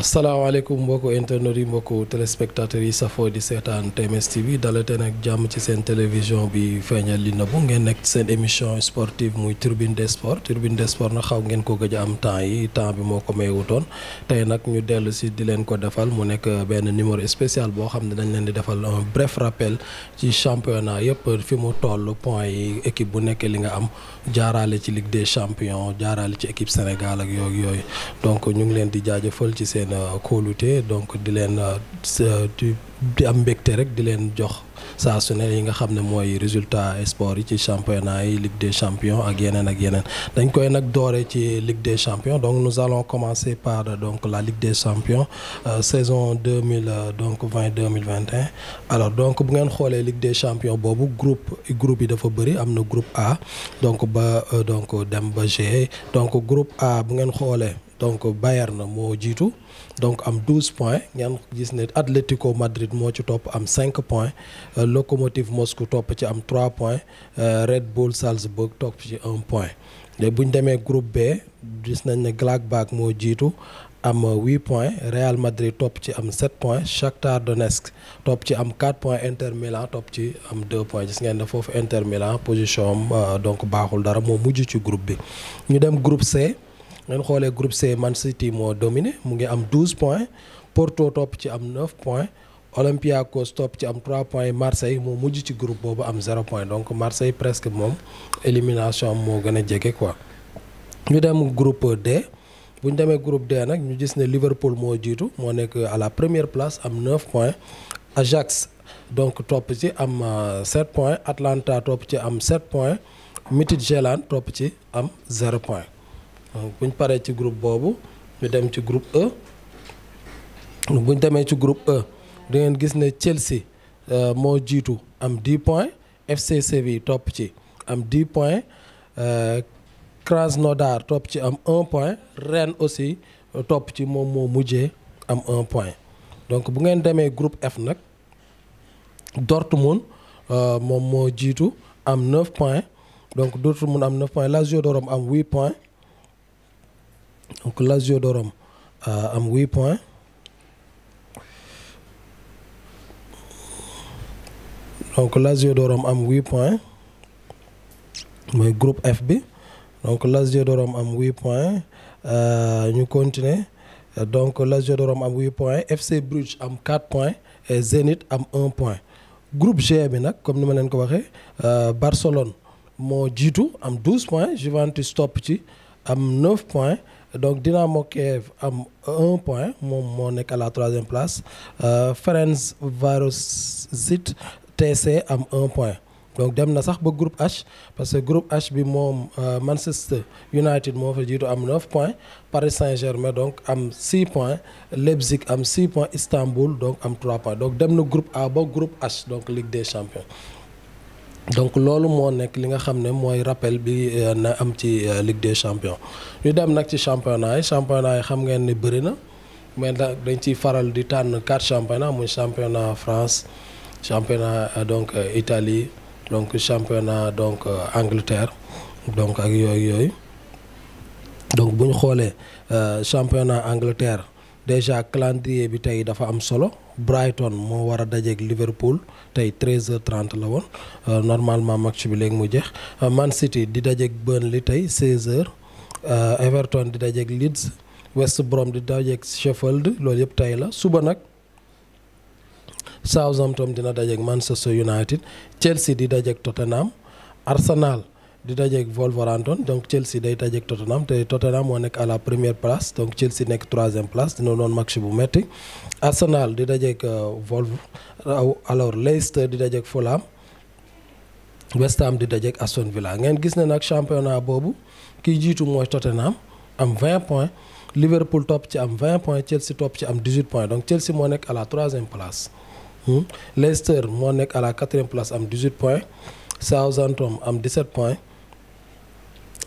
asalaamaaleykum mbokk internet yi mbokk téléspectateurs yi safoo di seetaan TMS TV dalate nag jàmm ci seen télévision bi feeñal li nëbbu ngeen nekk seen émission sportive muy tribune des sports tribune des sports na xaw ngeen ko gëj am temps yi temps bi moo ko maywutoon tey nag ñu dellu si di leen ko defal mu nekk benn numéro spécial boo xam ne dañ leen di defal un bref rappel ci championnat yëpp fi mu toll point yi équipe bu nekk li nga am jaarale ci Ligue des champions ci équipe Sénégal ak yooyu yooyu donc ñu ngi leen di jaajëfal ci seen seen euh, kóolute donc di leen euh, di am mbégte rek di leen jox saa su ne yi nga xam ne mooy résultat sport yi ci championnat yi Ligue des champions ak yeneen ak yeneen dañ koy nag doore ci Ligue des champions donc nous allons commencer par euh, donc la Ligue des saison deux mille donc vingt deux mille vingt et alors donc bu ngeen xoolee Ligue des champions boobu groupe groupe yi dafa bëri am na groupe A donc ba donc dem ba G donc groupe A bu ngeen xoolee. donc Bayern na moo jiitu donc am 12 points ngeen gis ne Atlético Madrid moo ci topp am 5 points euh, Lokomotiv Moscou topp ci am 3 points euh, Red Bull Salzburg topp ci 1 point bu ñu demee groupe B gis nañ ne Gladbach moo jiitu am 8 points Real Madrid topp ci am 7 points Shakhtar Donetsk topp ci am 4 points Inter Milan topp ci am 2 points gis ngeen ne foofu Inter Milan position euh, donc baaxul dara moo mujj ci groupe bi ñu dem groupe C. ngeen xoolee groupe C Man City moo dominé mu ngi am 12 points Porto topp ci am 9 points Olympiakos topp ci am point points Marseille moo mujj ci groupe boobu am 0 point donc Marseille presque moom élimination moo gën a jege quoi. ñu dem groupe D bu ñu demee groupe D nag ñu gis ne Liverpool moo jiitu moo nekk à la première place am 9 points Ajax donc topp ci am 7 euh, points Atlanta topp ci am 7 points Midtjylland topp ci am 0 point. donc euh, bu paree ci groupe boobu ñu dem ci groupe E bu demee ci groupe E di ngeen gis ne Chelsea euh, moo jiitu am 10 points FC topp ci am 10 points euh, Krasnodar topp ci am un point Rennes aussi topp ci moom moo mujjee am un point donc bu ngeen demee groupe F nag Dortmund moom moo jiitu am 9 points donc Dortmund am 9 points Lazio de Rome am 8 points. Donc Laziodorum euh, a 8 points. Donc Laziodorum a 8 points. mooy groupe F bi donc Laziodorum am 8 points euh, ñu continuer donc Laziodorum am 8 points FC Bruges am 4 point e Zenit am un point groupe G bi nag comme ni ma leen ko waxee euh, Barcelone moo jiitu am 12 points Juventus topp ci am 9 points. donc Dynamo Kiev am un point moom moo nekk à la troisième place euh, Ferencvárosi TC am un point donc dem na sax ba group H parce que group H bi moom euh, Manchester United moo fa jiitu am 9 points Paris Saint-Germain donc am 6 points Leipzig am 6 points Istanbul donc am 3 points donc dem na groupe A ba group H donc Ligue des Champions donc loolu moo nekk li nga xam ne mooy rappel bi euh, na am ci euh, Ligue des champions ñu dem nag ci championnat yi championnat yi xam ngeen ne bëri na mais nag dañ ci faral di tànn quatre championnat muy championnat France championnat euh, donc Italie donc championnat donc Angleterre donc ak yooyu yooyu donc bu ñu xoolee championnat Angleterre déjà calendrier bi tey dafa am solo Brighton moo war a dajeeg Liverpool tey 13h30 la woon euh, normalement match bi léegi mu jeex euh, Man City di dajeeg li tey 16h euh, Everton di dajeeg Leeds West Brom di dajeeg Sheffield loolu yëpp tey la suba nag Southampton dina dajeeg Manchester United Chelsea di dajeeg Tottenham Arsenal. di dajeeg Wolverhampton donc Chelsea day dajeeg Tottenham te Tottenham moo nekk a la première place donc Chelsea nekk troisième place dina doon match bu metti Arsenal di dajeeg euh, Wolves alors Leicester di dajeeg folam West Ham di dajeeg Aston ngeen gis ne nag championnat boobu kiy jiitu mooy Tottenham am 20 points Liverpool topp ci am 20 points Chelsea topp ci am 18 points donc Chelsea moo nekk a la troisième place hmm? Leicester moo nekk à la quatrième place am 18 points Southampton am 17 points.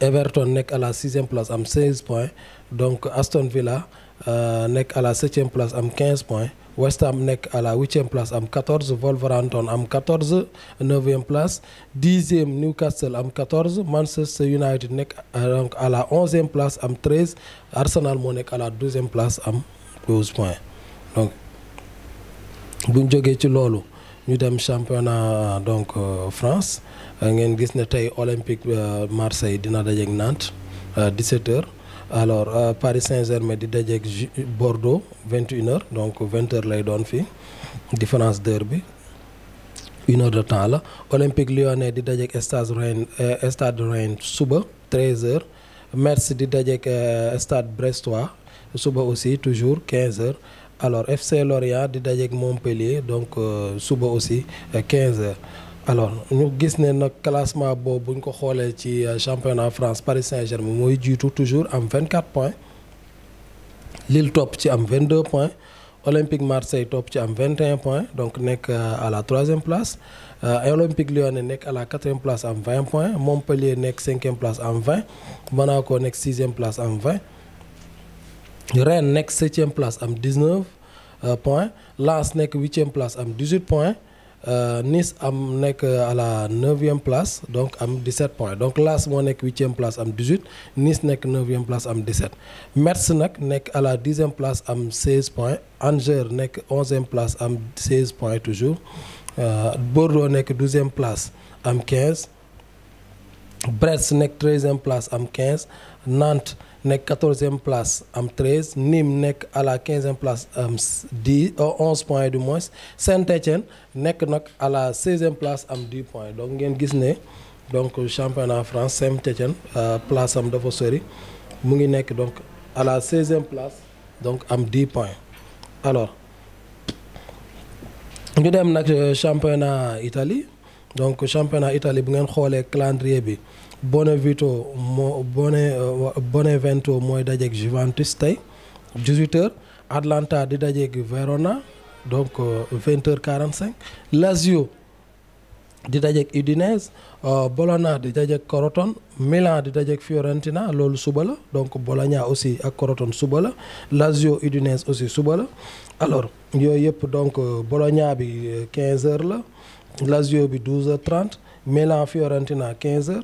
Everton nekk à la sixième place am 16 points donc Aston Villa euh, nekk à la septième place am 15 points West Ham nekk à la huitième place am 14 Wolverhampton am 14 neuvième place dixième Newcastle am 14 Manchester United nekk euh, donc à la onzième place am 13 Arsenal moo nekk à la douzième place am 12 points donc bu jógee ci loolu ñu dem championnat donc euh, France. Euh, ngeen gis ne tey Olympique euh, Marseille dina dajeek Nantes 17h euh, alors Paris Saint-Germain di dajeek Bordeaux 21 donc 20h lay doon fii différence d'heure bi une heure de temps la Olympique Lyonnais di dajeek Stade Rennes Stade Rennes suba 13h Metz di dajeek Stade Brestois suba aussi toujours 15h alors FC Lorient di dajeek Montpellier donc suba aussi 15 alors ñu gis ne nag classement boobu bu ñu ko xoolee ci euh, championnat France Paris Saint-Germain mooy jiitu toujours am 24 points Lille topp ci am vingt deux points Olympique Marseille topp ci am vingt 21 points donc nekk euh, à la troisième place euh, Olympique Lyonnais nekk à la quatrième place am 20 points Montpellier nekk cinquième place am 20 Monaco nekk sixième place am 20 Rennes nekk septième place am 19 points Lens nekk huitième place am 18 points. Euh, nice am nekk à la neuvième place donc am 17 points donc Las moo nekk huitième place am 18 Nice nekk neuvième place am 17 Metz nag nekk à la dixième place am 16 points Angers nekk onzième place am 16 points toujours euh, Bordeaux nekk douzième place am 15 Brest nekk treizième place am quinze nant nekk quatorzième place am treize Nîmes nekk à la quinzième place am dix euh, onze points du moins Saint-Étienne nekk nag à la seizième place am dix points donc ngeen gis ne donc championnat France Saint-Étienne euh, place am dafa sori mu ngi nekk donc à la seizième place donc am dix points alors ñu dem nag euh, championnat itali donc championnat Italie bu ngeen xoolee calendrier bi Benevento moo Bone Benevento mooy dajeeg Juventus tey 18h Atalanta di dajeeg Verona donc 20h45 euh, Lazio di dajeeg Udinese euh, Bologna di dajeeg Crotone Milan di dajeeg Fiorentina loolu suba la donc Bologna aussi ak Crotone suba la Lazio Udinese aussi suba la alors yooyu yëpp donc euh, Bologna bi 15h la. Lazio bi 12h30 Milan Fiorentina 15h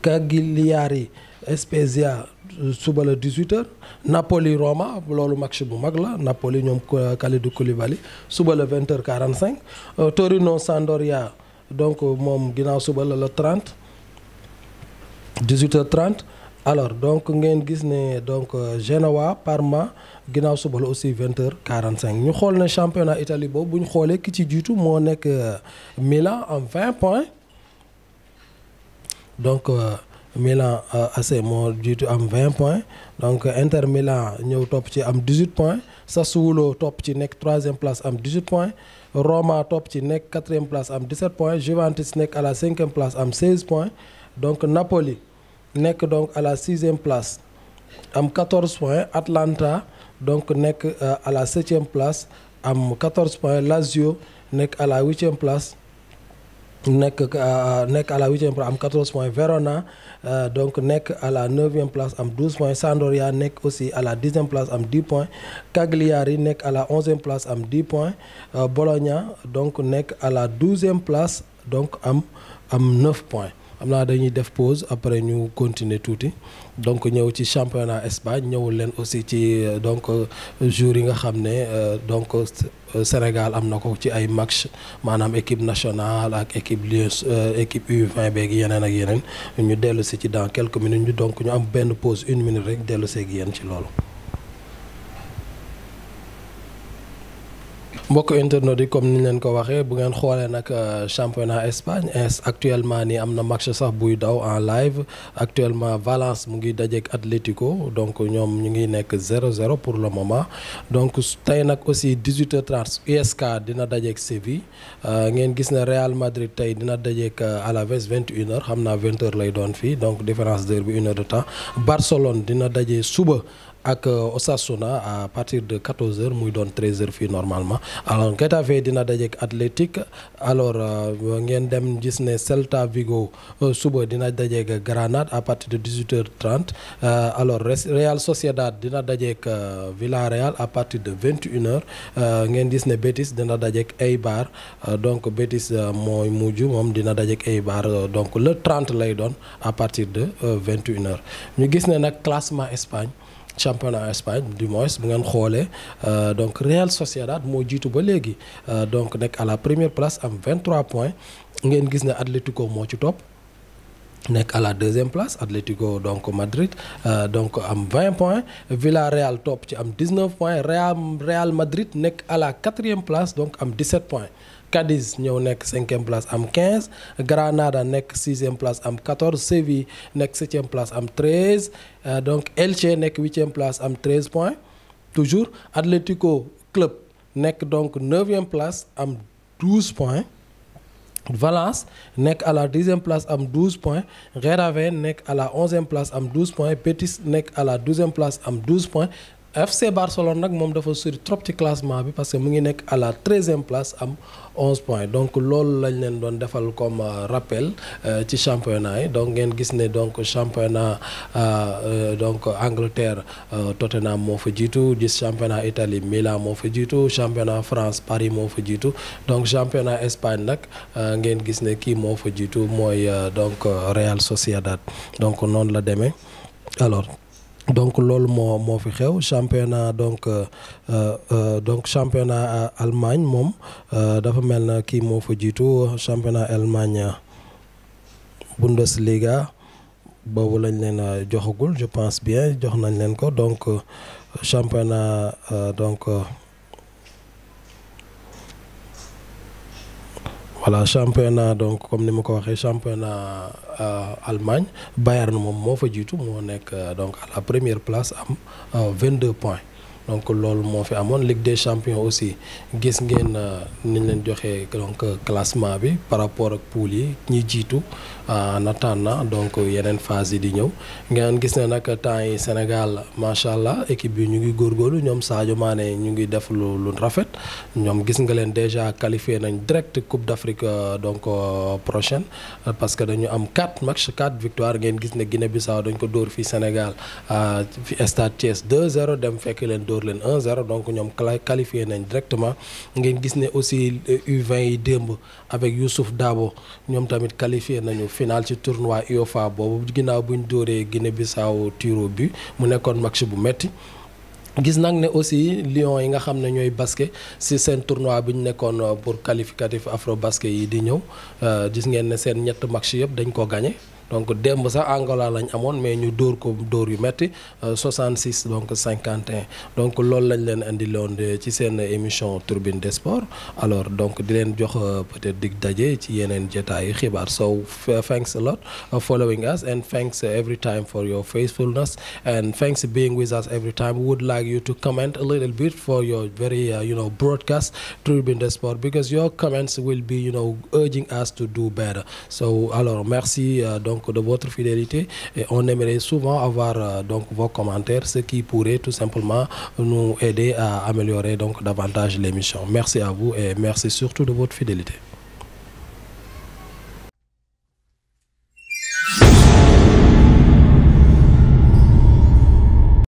Cagliari Spezia suba la 18h Napoli Roma loolu match bu mag la Napoli ñoom Kalidou Koulibaly suba la 20h45 euh, Torino Sampdoria donc moom ginnaaw suba la la 30 18 h alors donc ngeen gis ne donc euh, Genoa Parma ginnaaw suba la aussi 20 h cinq ñu xool ne championnat Italie boobu bu ñu xoolee ki ci jiitu moo nekk euh, Milan am 20 points donc euh, Milan AC moo jiitu am 20 points donc Inter Milan ñëw topp ci am 18 points Sassuolo topp ci nekk troisième place am 18 points Roma topp ci nekk quatrième place am 17 points Juventus nekk à la cinquième place am 16 points donc Napoli. nekk donc à la sixième place am 14 points Atlanta donc nekk euh, à la septième place am 14 points Lazio nekk à la huitième place nekk euh, nekk à la huitième place am 14 points Verona euh, donc nekk à la neuvième place am 12 points Sampdoria nekk aussi à la dixième place am 10 points Cagliari nekk à la onzième place am 10 points Bologna donc nekk à la douzième place donc am am 9 points. am naa dañuy def pause après ñu continuer tuuti donc ñëw ci championnat Espagne ñëwul leen aussi ci euh, donc euh, jour yi nga xam ne euh, donc Sénégal am na ko ci ay match maanaam équipe nationale ak équipe Lions équipe U20 yeneen ak yeneen ñu dellu si ci dans quelques minutes ñu donc ñu am benn pause une minute rek dellu seeg yéen ci loolu. mbokk internautes yi comme ni ñu leen ko waxee bu ngeen xoolee nag euh, championnat Espagne actuellement nii am na match sax buy daw en live actuellement Valence mu ngi dajeeg Atlético donc ñoom ñu ngi nekk 0-0 pour le moment donc tey nag aussi 18h30 USK dina dajeeg Séville euh, ngeen gis ne Real Madrid tey dina dajeeg Alaves 21h xam naa 20 lay doon fii donc différence d'heure bi une de temps Barcelone dina dajee suba. ak euh, Osasuna à partir de 14h muy doon 13h fii normalement alors Getafe dina dajeek Atlétique alors euh, ngeen dem gis ne Celta Vigo euh, suba dina dajeek Granade à partir de 18h30 alors Real Sociedad dina dajeek Villarreal à partir de 21h ngeen gis ne Betis dina dajeek Eibar donc Betis mooy mujj moom dina dajeek Eibar donc le trente lay doon à partir de 21h ñu gis ne nag classement Espagne. championnat Espagne du moise bu ngeen xoolee euh, donc Real Sociedad moo jiitu ba léegi euh, donc nekk à la première place am vingt 23 points ngeen gis ne Atlético moo ci topp. nekk à la deuxième place Atlético donc Madrid euh, donc am point points Villarreal topp ci am 19 point Real Real Madrid nekk à la quatrième place donc am 17 points. Cadiz ñëw nekk cinquième place am 15 Granada nekk sixième place am 14 Séville nekk septième place am 13 euh, donc Elche nekk huitième place am 13 points toujours Atlético Club nekk donc neuvième place am 12 points. Valence nekk à la dixième place am douze point Réraven nekk à la onzième place am douze points Betis nekk à la douzième place am douze points FC Barcelone nag moom dafa sori trop ci classement bi parce que mu ngi nekk à la treizième place am onze points donc loolu lañ leen doon defal comme euh, rappel euh, ci championnat yi donc ngeen gis ne donc championnat euh, donc Angleterre Tottenham moo fa jiitu gis Italie Milan moo fa jiitu championnat France Paris moo fa jiitu donc championnat Espagne nag ngeen gis ne kii moo fa jiitu mooy donc Real Sociedad donc noonu la demee alors. donc loolu moo moo fi xew championnat donc euh, euh, euh, donc championnat Allemagne moom dafa mel na kii moo fa jiitu championnat Allemagne Bundesliga boobu lañ leen joxagul je pense bien jox nañ leen ko donc championnat donc. voilà championnat donc comme ni ma ko waxee championnat euh, Allemagne na moom moo fa jiitu moo nekk euh, donc à la première place am 22 euh, points. donc loolu moo fi amoon Ligue des champions aussi gis ngeen euh, niñ leen joxee donc classement bi par rapport ak poule yi ñi jiitu euh, en na donc yeneen phase yi di ñëw ngeen gis ne nag temps yi Sénégal macha allah équipe bi ñu ngi góor góorgóorlu ñoom Sadio Mané ñu ngi def lu lu rafet ñoom gis nga leen déjà qualifié nañ direct Coupe d'Afrique euh, donc prochaine parce que dañu am 4 matchs 4 victoires ngeen gis ne Guinée-Bissau dañ ko dóor fii Sénégal fi Stade Thiès 2-0 dem fekk leen dóor leen 1-0 donc ñoom qualifié nañ directement ngeen gis ne aussi U20 euh, yi démb avec Youssouf Dabo ñoom tamit qualifié nañu final ci tournoi UFA e boobu ginnaaw buñ dóoree Guinée-Bissau tiro bi mu nekkoon match bu metti gis nag ne aussi Lions yi nga xam ne ñooy basket ci seen tournoi bi ñu nekkoon euh, pour qualificatif afro basket yi di ñëw euh, gis ngeen ne seen ñett match yëpp dañ ko gagné donc demb sax Angola lañ amoon mais ñu dóor ko dóor yu metti 66 euh, donc 51 donc loolu lañ leen indi loon ci seen émission Tribune des Sports alors donc di leen jox peut-être dig daje ci yeneen jotaayu xibaar so thanks a lot following us and thanks every time for your faithfulness and thanks being with us every like you to comment a little bit for your very, uh, you know, Sport because your comments will be, urging us to do better. So, alors, merci euh, donc de votre fidélité et on aimerait souvent avoir euh, donc vos commentaires, ce qui pourrait tout simplement nous aider à améliorer donc davantage l'émission. Merci à vous et merci surtout de votre fidélité.